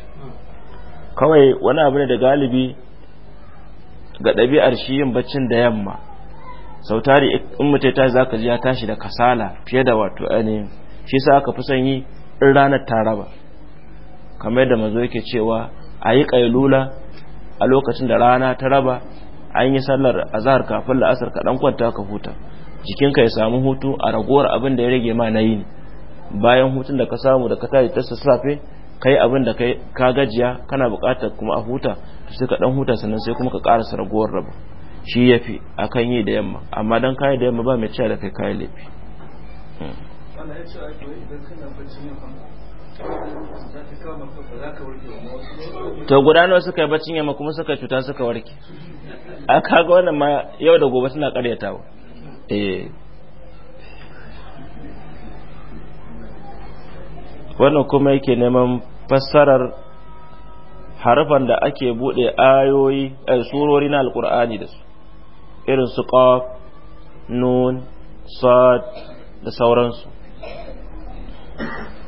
kawai wani abu ne da galibi ga ɗabi'ar shi yin baccin da yamma sau tari in mutai ta za ka ji ya tashi da kasala fiye da wato ainihin shi sa aka fi son yi in ranar ta raba kamar da mazo yake cewa a yi ƙailula a lokacin da rana ta raba an yi sallar azahar kafin la'asar ka ɗan kwanta ka huta jikinka ya samu hutu a ragowar abin da ya rage ma na yi ne. bayan hutun da ka samu da ka tari ta sassafe yi abin da ka gajiya kana buƙatar kuma a huta ta sai ka ɗan huta sannan sai kuma ka ƙarasa ragowar raba shi ya fi a kan yi da yamma amma dan kayan da yamma ba mai ciyar da kai kayan laifi hmm. to guda nawa suka yi bacin yamma kuma suka cuta suka warke a kaga wannan ma yau da gobe suna karyatawa eh wannan kuma yake neman fassarar harfan da ake bude ayoyi a eh, surori na alkur'ani da su irin su qaf nun sad da sauransu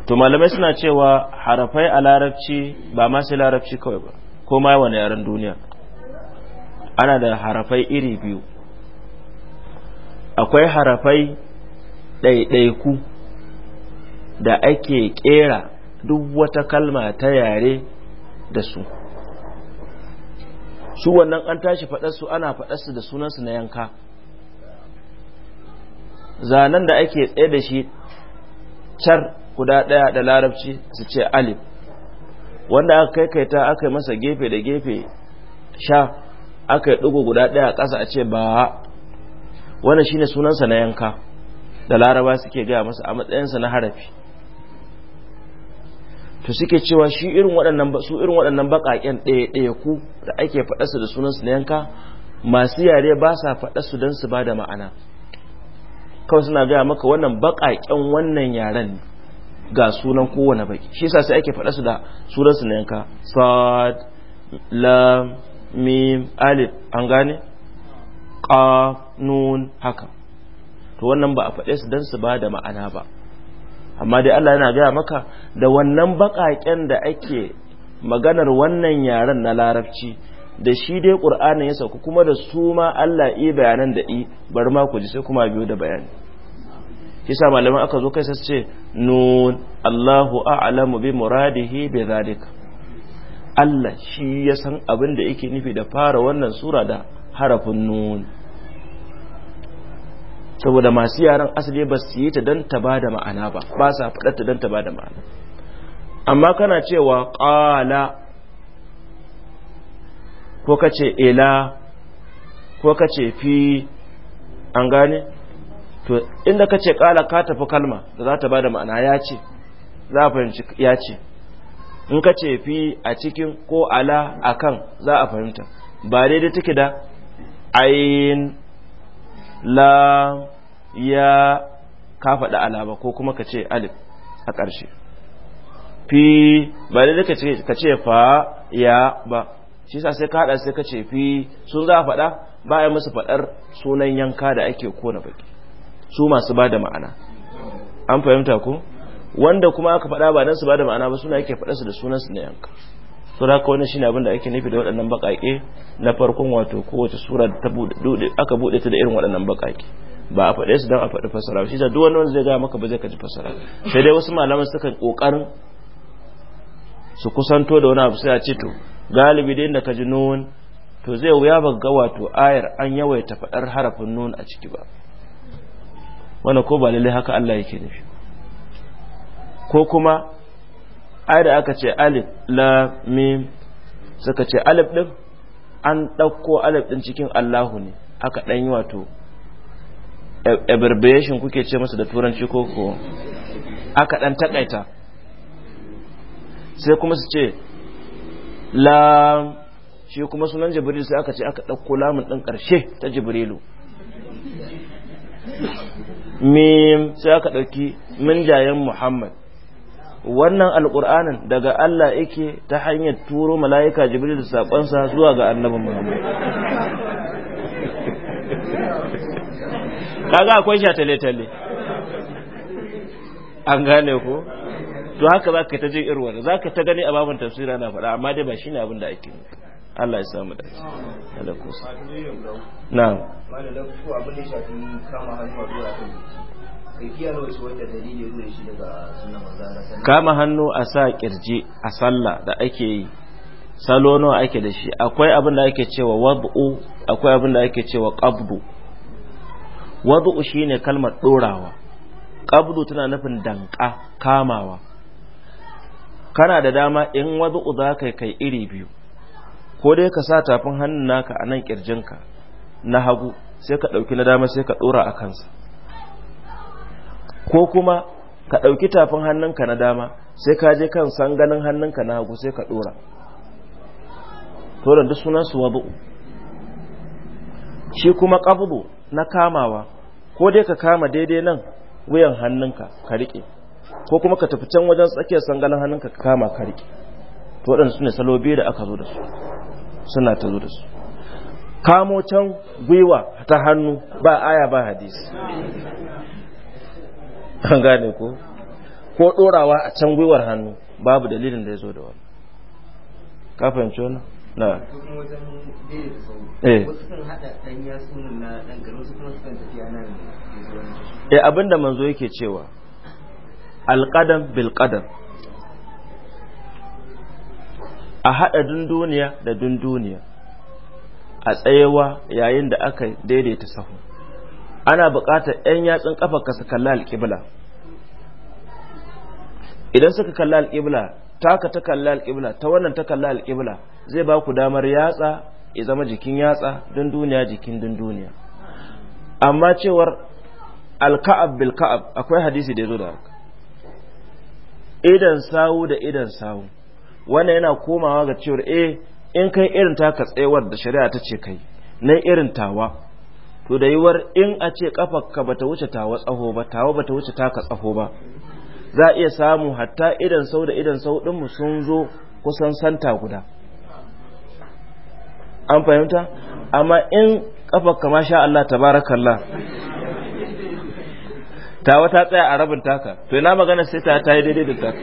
to malamai suna cewa harafai a larabci ba ma sai larabci kawai ba ko ma wani yaren duniya ana da harafai iri biyu akwai harafai ɗaiɗaiku da ake ƙera duk wata kalma ta yare da su su wannan an tashi faɗarsu ana faɗarsu da sunansu na yanka zanen da ake tsaye da shi car guda ɗaya da larabci su ce alif wanda aka kaikaita aka yi masa gefe da gefe sha aka yi ɗigo guda ɗaya a ƙasa a ce ba wannan shine sunansa na yanka da laraba suke gaya masa a matsayinsa na harafi to suke cewa shi irin waɗannan su irin waɗannan baƙaƙen ɗaya-ɗaya ku da ake faɗarsu da sunansu na yanka masu yare ba sa faɗarsu don su ba da ma'ana kawai suna gaya maka wannan baƙaƙen wannan yaren ne ga sunan kowane baki shi yasa sai ake faɗa su da sunan su yanka sad lam mim alif an gane qaf nun haka to wannan ba a faɗe su dan su ba da ma'ana ba amma dai Allah yana gaya maka da wannan baƙaƙen da ake maganar wannan yaren na larabci da shi dai ƙur'anin ya sauka kuma da su ma Allah i bayanan da i bar ma ku ji sai kuma biyo da bayani kisa malaman aka zo kai sai ce nun Allahu a'lamu bi muradihi bi zalik Allah shi ya san abin da yake nufi da fara wannan sura da harafin nun saboda masu yaran asali ba su yi ta dan ta ba ma'ana ba ba sa faɗar ta dan ta ba ma'ana amma kana cewa ƙala ko kace ila ko kace fi an gane to inda ka ce ƙala ka tafi kalma da za ta ba da ma'ana ya ce za a fahimci ya ce in ka ce fi a cikin ko ala a kan za a fahimta ba daidai take da ayin la ya ka faɗi ala ba ko kuma ka ce alif a ƙarshe fi ba daidai ka ce fa ya ba shi sa sai ka haɗa sai ka ce fi sun za a faɗa ba a yi musu faɗar sunan yanka da ake kona baki su masu ba da ma'ana an fahimta ko wanda kuma aka faɗa ba don su ba da ma'ana ba suna yake faɗa su da sunan su na yanka to da haka wani shine abin da ake nufi da waɗannan baƙaƙe na farkon wato kowace sura ta bude aka bude ta da irin waɗannan baƙaƙe ba a faɗe su don a faɗi fasara shi da duk wani wanda zai gaya maka ba zai kaji fasara sai dai wasu malaman suka kokarin su kusanto da wani abu sai a ce to galibi dai inda ka ji nun to zai wuya ba ga wato ayar an yawaita faɗar harafin nun a ciki ba wanda ko ba lalle haka Allah yake nufi ko kuma ai da aka ce alif la mim suka ce alif din an ɗauko alif din cikin Allahu ne aka ɗan yi wato abbreviation kuke ce masa da turanci ko ko aka ɗan takaita sai kuma su ce la shi kuma sunan jibril sai aka ce aka ɗauko lamun ɗin ƙarshe ta jibrilu mim sai aka ɗauki minjayen muhammad wannan alƙur'anin daga Allah yake ta hanyar turo mala'ika jibril da saƙonsa zuwa ga annabi muhammad kaga akwai sha tale-tale an gane ko to haka za ka ta jin irwar za ka ta gani a babin tafsira na faɗa amma dai ba shi ne abin da ake Allah ya samu da shi alaikum na'am abin da kama hannu a kan kama hannu a sa kirji a sallah da ake yi salo nawa ake da shi akwai abin da ake cewa wad'u akwai abin da ake cewa qabdu wad'u shine kalmar dorawa qabdu tana nufin danka kamawa kana da dama in wad'u za kai kai iri biyu ko dai ka sa tafin hannun naka a nan kirjinka na hagu sai ka ɗauki na dama sai ka ɗora a kansa ko kuma ka ɗauki tafin hannunka na dama sai ka je kan sanganin hannunka na hagu sai ka ɗora to duk sunan su wabu shi kuma ƙafubu na kamawa ko dai ka kama daidai nan wuyan hannunka ka riƙe ko kuma ka tafi can wajen tsakiyar sanganin hannunka ka kama ka riƙe to waɗanda su ne salo biyu da aka zo da su suna ta zo da su kamo can gwiwa ta hannu ba aya ba hadisi an gane ko ko ɗorawa a can gwiwar hannu babu dalilin da ya zo da wani ka fahimci wani na eh, eh abinda manzo yake cewa alƙadam bilƙadam a haɗa dunduniya da dunduniya a tsayewa yayin da aka daidaita sahu ana buƙatar 'yan yatsun ƙafarka su kalla alƙibla idan suka kalla alƙibla taka ta kalla alƙibla ta wannan ta kalla alƙibla zai ba ku damar yatsa ya zama jikin yatsa dunduniya jikin dunduniya amma cewar alka'ab bilka'ab akwai hadisi da ya zo da haka idan sawu da idan sawu wannan yana komawa ga cewar eh in kai irin taka tsayuwar da shari'a ta ce kai na irin tawa to da yiwuwar in a ce kafarka bata wuce tawa tsaho ba tawa bata wuce taka tsaho ba za a iya samu hatta idan sau da idan sau dinmu sun zo kusan santa guda an fahimta amma in kafarka ma sha Allah tabarakallah tawa ta tsaya a rabin taka to ina magana sai ta ta yi daidai da taka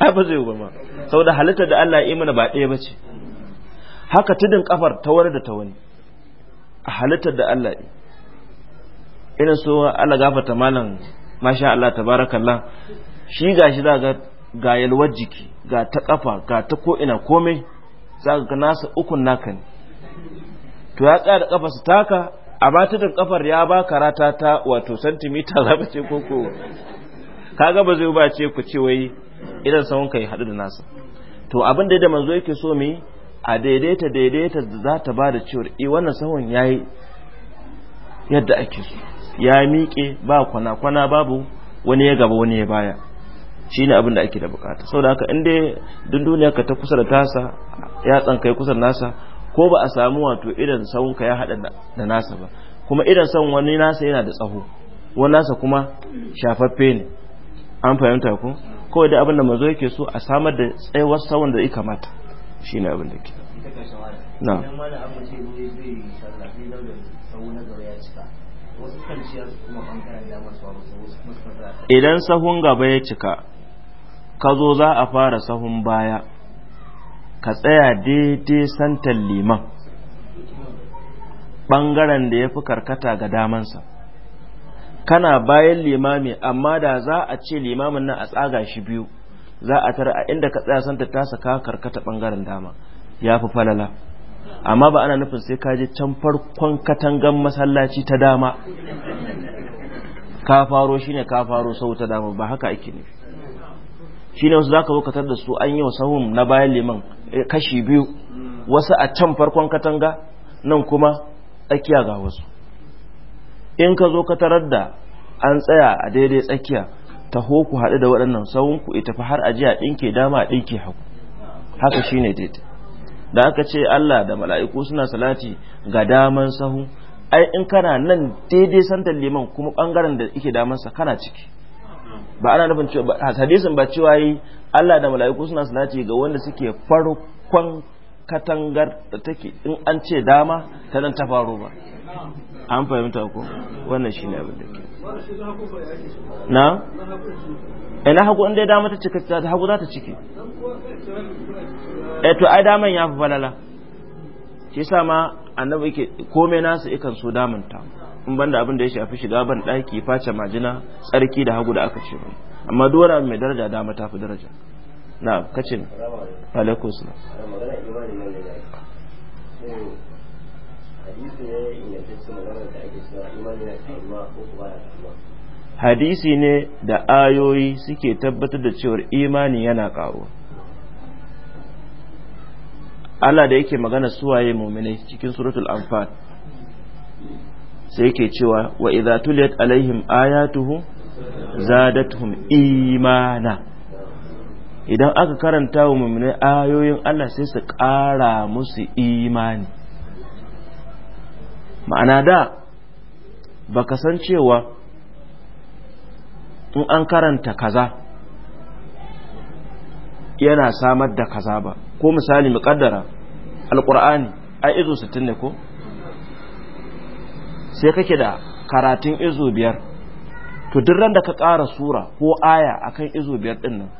ai ba zai ba ma saboda halittar da Allah ya yi mana ba ɗaya ba ce haka tudun kafar ta wani da ta wani a halittar da Allah ya irin so Allah gafarta malam masha Allah tabarakallah shi gashi za ga yalwar jiki ga ta kafa ga ta ko ina komai za ga nasa ukun naka ne to ya tsaya da kafa su taka a ba tudun kafar ya ba karata ta wato santimita za ce koko kaga ba zai ba ce ku ce wai idan sahun ka yi haɗu da nasa to abin da manzo yake so mu a daidaita daidaita da za ta bada cewar i eh, wannan sahun yi yadda ake so ya miƙe ba kwana kwana babu wani ya gaba wani ya baya Shi ne abin da ake da bukata da haka inda dai dunduniyar ka ta kusa da tasa ya tsankai kusa da nasa ko ba a samu wato idan sahun ka ya haɗa da nasa ba kuma idan sahun wani nasa yana da tsaho wani nasa kuma shafaffe ne an fahimta ko kawai da abin da yake so a samar da tsayawar sawun da ika mata shi abin da ke idan sahun gaba ya cika ka zo za a fara sahun baya ka tsaya daidai santan liman ɓangaren da ya fi karkata ga damansa kana bayan limami amma da za a ce limamin nan a tsaga shi biyu za a tara a inda ka tsaya santa ta saka karkata bangaren dama ya fi falala amma ba ana nufin sai ka je can farkon katangan masallaci ta dama ka faro ne ka faro sau ta dama ba haka ake shi shine wasu za ka bukatar da su an yi wa sahun na bayan liman eh, kashi biyu wasu a can farkon katanga nan kuma tsakiya ga wasu in ka zo ka tarar da an tsaya a daidai tsakiya taho ku haɗu da waɗannan sauran ku ita fa har ajiya ɗinke dama a ɗinke haku haka shi ne daidai da aka ce Allah da mala'iku suna salati ga daman sahu ai in kana nan daidai santar liman kuma ɓangaren da ike damansa kana ciki ba ana nufin cewa hadisin ba cewa yi Allah da mala'iku suna salati ga wanda suke farkon katangar da take in an ce dama ta nan ta faru ba an fahimta ko wannan shi ne abin da ke na ina eh, hagu inda ya dama ta cika ta hagu za ta cike eh to ai daman ya fi falala shi sa ma annabi ke komai nasu ikan so damanta in banda abin da ya shafi shiga ban daki face majina tsarki da hagu da aka ce mai amma duk wani mai daraja dama ta fi daraja na kace alaikum salam hadisi ne da ayoyi suke tabbatar da cewar imani yana ƙaruwa Allah da yake magana suwaye muminai cikin suratul anfal sai yake cewa wa idza tuliyat alaihim ayatuhu zadatuhum imana idan aka karanta wa muminai ayoyin Allah sai su ƙara musu imani ma'ana da ba ka san cewa in an karanta kaza yana samar da kaza ba ko misali muƙaddara alƙur'ani a izo 60 ne ko sai kake da karatun izo biyar to duk ran da ka ƙara sura ko aya akan izo biyar din nan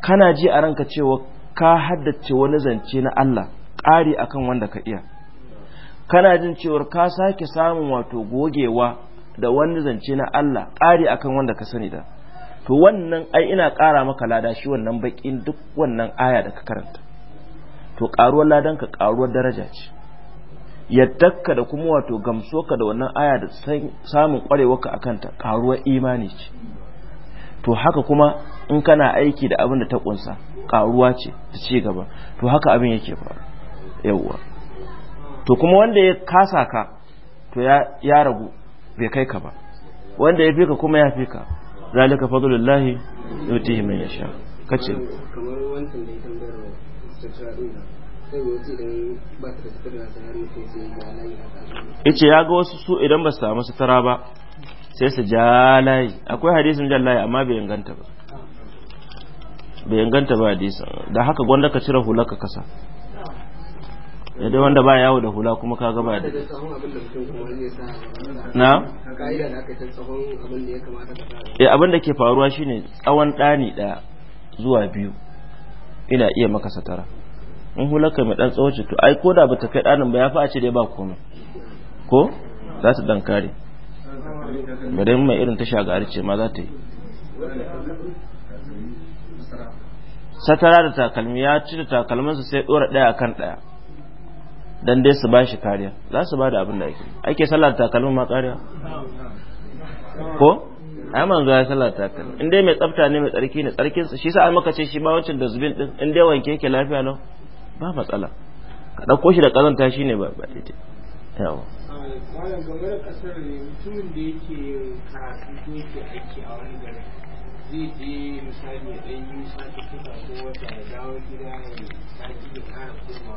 kana ji a ranka cewa ka haddace wani zance na Allah ƙari akan wanda ka iya kana jin cewar ka sake samun wato gogewa da wani zance na Allah ƙari akan wanda ka sani da to wannan ai ina ƙara maka lada shi wannan baƙin duk wannan aya da ka karanta to ƙaruwar ladan ka ƙaruwar daraja ce yaddakka da kuma wato ka da wannan aya da samun ka a kanta ƙaruwar imani ce to haka kuma in kana aiki da abin da ta ƙunsa ƙaruwa ce ta ci gaba to haka abin yake faru yawwa to kuma wanda ya kasa ka to ya ragu bai kai ka ba wanda ya fi ka kuma ya fi ka zalika fadlullahi yutihi man yasha kace kamar wancan da yake da sutura wuce idan ba ta sai ya ya ga wasu su idan ba su samu sutura ba sai su ja layi akwai hadisun jan layi amma bai inganta ba bai inganta ba hadisun da haka gwanda ka cire hular ka kasa da wanda ba yawo da hula kuma ka gaba da na eh abin da ke faruwa shine tsawon ɗani ɗaya zuwa biyu ina iya maka satara in hulaka mai ɗan tsawon to ai ko da bata kai ɗanin ba ya fi a ce dai ba kome. ko za su ɗan kare bari mai irin ta shagari ce ma za ta yi satara da takalmi ya ci da takalminsa sai ɗora ɗaya akan ɗaya dan dai su shi kariya za su bada abin da ake ake sallar takalmin ma kariya ko ai manzo ya sallar takalmin in dai mai tsafta ne mai tsarki ne tsarkin sa shi sa maka ce shi ba wancan da zubin din in dai wanke yake lafiya lau ba matsala ka dauko shi da kazanta shine ba ba daidai yawa malam game da kasar ne mutumin da yake karatu ko yake aiki a wani gari zai je misali ya ɗan yi sati kuka ko wata da dawo gida ya sati ya kara kuma.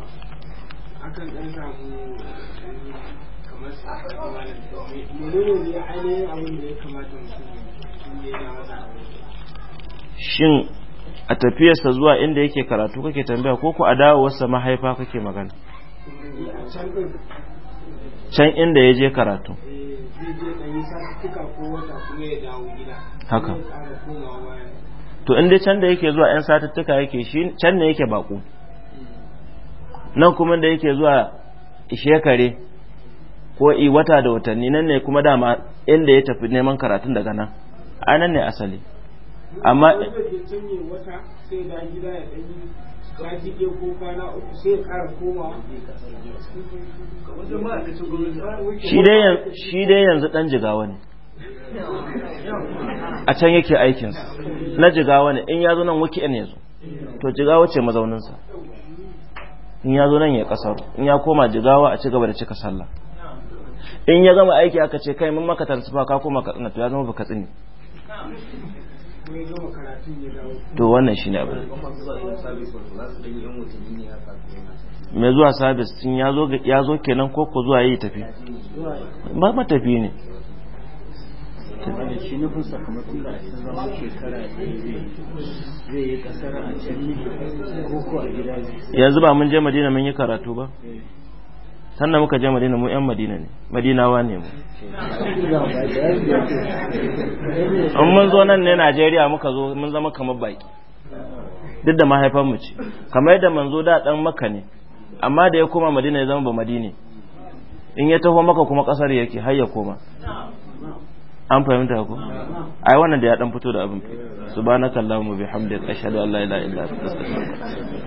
shin a tafiyarsa zuwa inda yake karatu kake tambaya ko ku a dawowarsa mahaifa kake magana can inda ya je karatu eh, haka to inda can da yake zuwa 'yan satattuka yake shi can ne yake baƙo. nan kuma da yake zuwa shekare ko i wata da watanni nan ne kuma dama inda ya tafi neman karatun daga nan a nan ne asali amma shi dai yanzu dan jigawa ne a can yake aikinsa na jigawa ne in ya zo nan wiki ne zo to jigawa ce mazauninsa in ya zo nan ya kasar in ya koma jigawa a ci gaba da cika sallah in ya gama aiki aka ce kai mun maka tarsufa ka koma ka tsina to ya zama baka tsini to wannan shi ne abin mai zuwa sabis ya zo kenan ko ko zuwa yi tafi ba matafi ne tabbata shi nufin sakamakon da ake zama shekara zai yi kasar a can ne ko a gida yanzu ba mun je madina mun yi karatu ba sannan eh. muka je madina mu yan madina ne madinawa ne mu in mun zo nan ne najeriya muka zo mun zama kamar baki duk da mahaifan mu ce kamar yadda manzo da dan maka ne amma da ya koma madina ya zama ba madine in ya taho maka kuma kasar yake har ya koma an fahimta ko ai wannan da ya dan fito da abin subhanakallahumma bihamdika ashhadu an la ilaha illa anta astaghfiruka